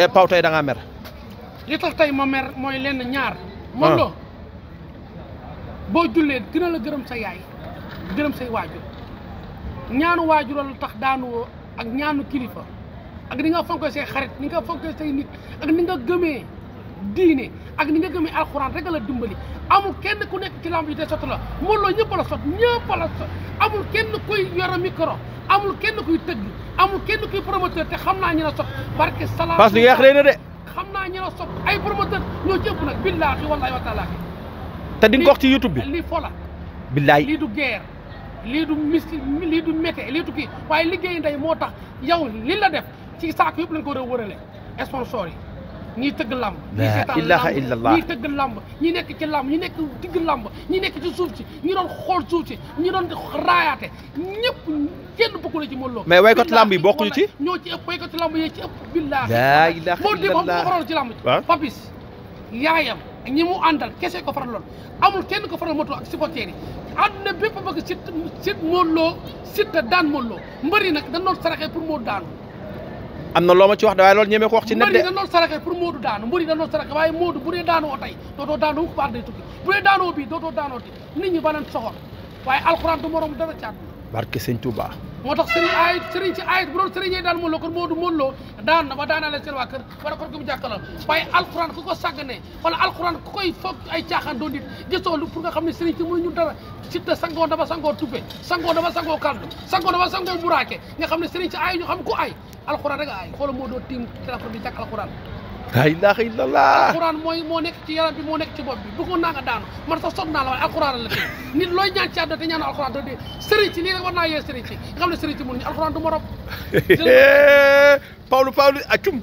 e eh, paw tey mer. li tax tey ma mer mooy lenn ñaar. moom ah. boo jullee dina la gërëm sa yaay gërëm say waajur ñaanu waajur lu tax daanu ak ñaanu kilifa ak ni nga fonkee say xarit ni nga fonkee say nit ak ni nga gëmee diine ak ni nga gëmee alxuraan a la dimbali amul kenn ku nekk ci lamb yi te sot la Modou Lo ñëpp la sot ñëpp la sot amul kenn kuy yore micro amul kenn kuy tëgg amul kenn kuy promoteur te xam naa ñu la sot barke salaam parce que yàq lay na de xam naa ñu la sot ay promoteur ñoo jëpp nag billaahi wallaahi wa taala te di ko ci youtube bi lii fola billaay lii du guerre lii du misti lii du mété lii du kii waaye liggéey ndey moo tax yow li la def ci saako yëpp lañ ko war a wërale sponsor yi ñiy tëgg lamb ñi seetaan làmb ñiy tëgg làmb ñi nekk ci làmb ñi nekk digg làmb ñi nekk ci suuf ci ñi doon xool suuf si ñi doon raayaate ñëpp kenn bokku la ci Modou Lo mais waykat làmb yi bokkuñu ci ñoo ci ëpp waykat làmb yi ci ëpp billaahi laa ilaaha illallaah moo ci làmb papis yaayam ñi mu àndal kese ko faral lool amul kenn ko faral moto ak supporter yi àdduna bépp bëgg sit sit Modou Lo sit daan Modou Lo mbëri nag dañ doon saraxee pour moo daanu am na loo ma ci wax de waaye loolu ñemee ko wax ci net de mbër yi dañ doon saraxe pour Modou daanu mbër yi dañ doon saraxe waaye Modou bu dee daanoo tey dootoo daanoo ko baat day tukki bu dee daanoo bii dootoo daanoo ti nit ñi ba soxor waaye alxuraan du morom dara caat barke sëñ Touba. moo tax sëriñ ayit sëriñ si ayit bu doon sëriñ yi daan Modou Lo kon Modou Modou Lo daan na ba daanaale seen waa kër wala kon ku mu jàkkaarloo waaye alxuraan ku ko sàggane wala koy foog ay caaxaan doon nit gisoo nga xam ne sëriñ si mënuñu dara sangoo dama sangoo tuppe sangoo dama sangoo kàddu sangoo dama sangoo buraake nga xam ne sëriñ ay ñu xam ko ay alxuraan rek ay xoolal moo doon tiim téléphone bi jàkk alxuraan laa ilaaha illallah alxuraan mooy moo nekk ci yaram bi moo nekk ci bopp bi bëggoon naa nga daanu man sax sonn naa la waaye alxuraan la tey nit looy ñaan ci àdduna te ñaanoo alxuraan doo dee sëriñ ci lii rek war naa yee sëriñ i nga xam ne sëriñ ci mun ñu alxuraan du ma rob Pawlu Pawlu acum